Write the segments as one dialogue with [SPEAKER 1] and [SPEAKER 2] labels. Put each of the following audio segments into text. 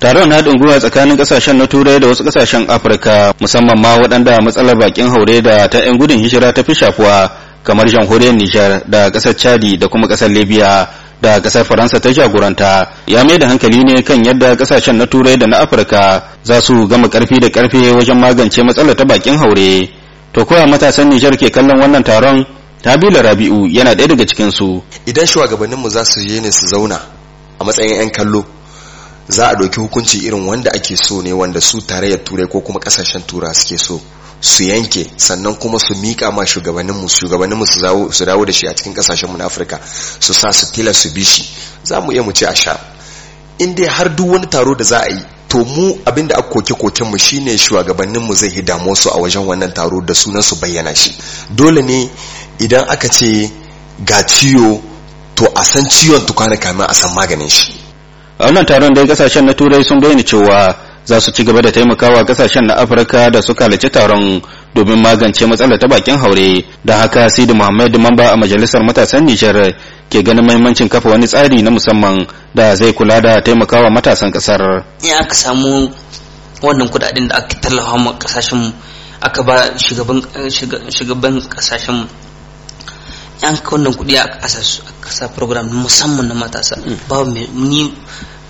[SPEAKER 1] taron haɗin gwiwa tsakanin ƙasashen na turai da wasu ƙasashen afirka musamman ma waɗanda matsalar bakin haure da ta 'yan gudun hijira ta fi shafuwa kamar jamhuriyar nijar da ƙasar chadi da kuma ƙasar libya da ƙasar faransa ta jagoranta ya mai da hankali ne kan yadda ƙasashen na turai da na afirka za su gama ƙarfi da ƙarfe wajen magance matsalar ta bakin haure to koya matasan nijar ke kallon wannan taron tabila rabi'u yana ɗaya daga cikinsu
[SPEAKER 2] idan shugabanninmu za su yi ne su zauna a matsayin 'yan kallo za a ɗauki hukunci irin wanda ake so ne wanda su tarayyar turai ko kuma ƙasashen tura suke so su yanke sannan kuma su miƙa ma shugabanninmu shugabanninmu su dawo da shi a cikin ƙasashenmu na afirka su sa su tilar su bi shi za mu iya mu ce a sha in dai har duk wani taro da za a yi to mu abinda aka koke koken mu shine shugabannin mu zai hidamo su a wajen wannan taro da sunan su bayyana shi dole ne idan aka ce ga ciwo to a san ciwon tukwana kamin a san maganin shi a wannan taron dai kasashen na turai
[SPEAKER 1] sun bayyana cewa za su ci gaba da taimakawa kasashen na afirka da suka halarci taron domin magance matsalar ta bakin haure da haka sidi muhammad mamba a majalisar matasan nijar ke ganin mahimmancin kafa wani tsari na musamman da zai kula da taimakawa matasan kasar
[SPEAKER 3] in aka samu wannan kudaden da aka tallafa ma kasashen aka ba shugaban kasashen yan wannan kudi a kasa program musamman na matasa mm. babu ni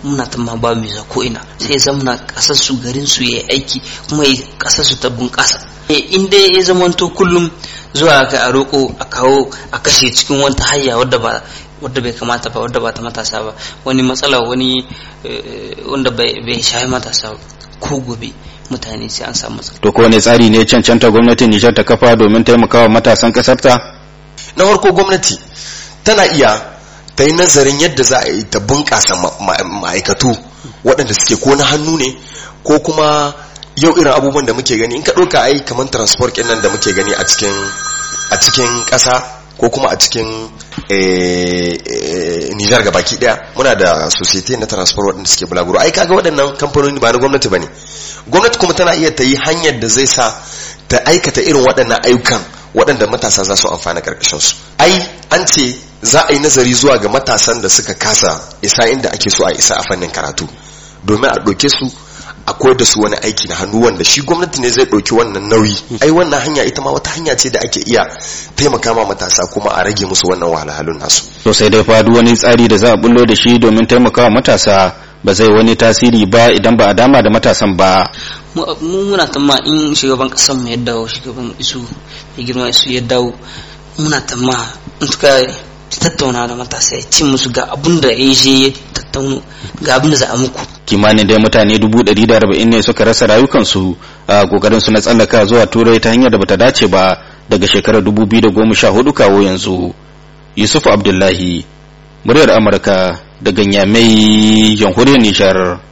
[SPEAKER 3] muna ta ma ba visa ko ina sai ya zamana kasar su garin su ya aiki kuma ya kasar su ta bunƙasa eh, in inda ya zamanto kullum zuwa ga a roƙo a kawo a kashe cikin wata hayya wadda ba wadda bai kamata ba wadda ba ta matasa ba wani matsala wani eh, wanda bai shafi matasa ko gobe mutane sai an samu matsala
[SPEAKER 1] to ko wani tsari ne cancanta gwamnati
[SPEAKER 2] Nijar ta kafa domin taimakawa matasan kasarta na farko
[SPEAKER 3] gwamnati tana
[SPEAKER 2] iya ta yi nazarin yadda za a yi ta bunƙasa ma'aikatu waɗanda suke ko na hannu ne ko kuma yau irin abubuwan da muke gani in ka ɗauka ai kamar transport ɗin nan da muke gani a cikin a cikin ƙasa ko kuma a cikin eh, eh, Nijar ga baki ɗaya muna da society na transport waɗanda suke bulaguro ai kaga waɗannan kamfanoni ba na gwamnati ba ne gwamnati kuma tana iya ta yi hanyar da zai sa ta aikata irin waɗannan ayyukan waɗanda matasa za su amfana ƙarƙashinsu ai an ce za a yi nazari zuwa ga matasan da suka kasa isa inda ake so a isa a fannin karatu domin a ɗauke su a koyar da su wani aiki na hannu wanda shi gwamnati ne zai ɗauki wannan nauyi ai wannan hanya ita ma wata hanya ce da ake iya taimaka ma matasa kuma a rage musu wannan wahalhalun nasu
[SPEAKER 1] to sai dai fa duk wani tsari da za a bullo da shi domin taimakawa matasa ba zai wani tasiri ba idan ba a dama da matasan ba
[SPEAKER 3] mu muna tamma in shugaban kasan mu ya dawo shugaban isu ya girma isu ya dawo muna tamma suka tattauna da matasa ya ci musu ga abun da ya je ya tattauno ga abin da za a muku
[SPEAKER 1] kimanin dai mutane dubu ɗari da arba'in ne suka rasa rayukansu a kokarin su na tsallaka zuwa turai ta hanyar da bata dace ba daga shekarar dubu biyu da goma sha hudu kawo yanzu yusuf abdullahi muryar amurka daga ganyamai jamhuriyar nishar.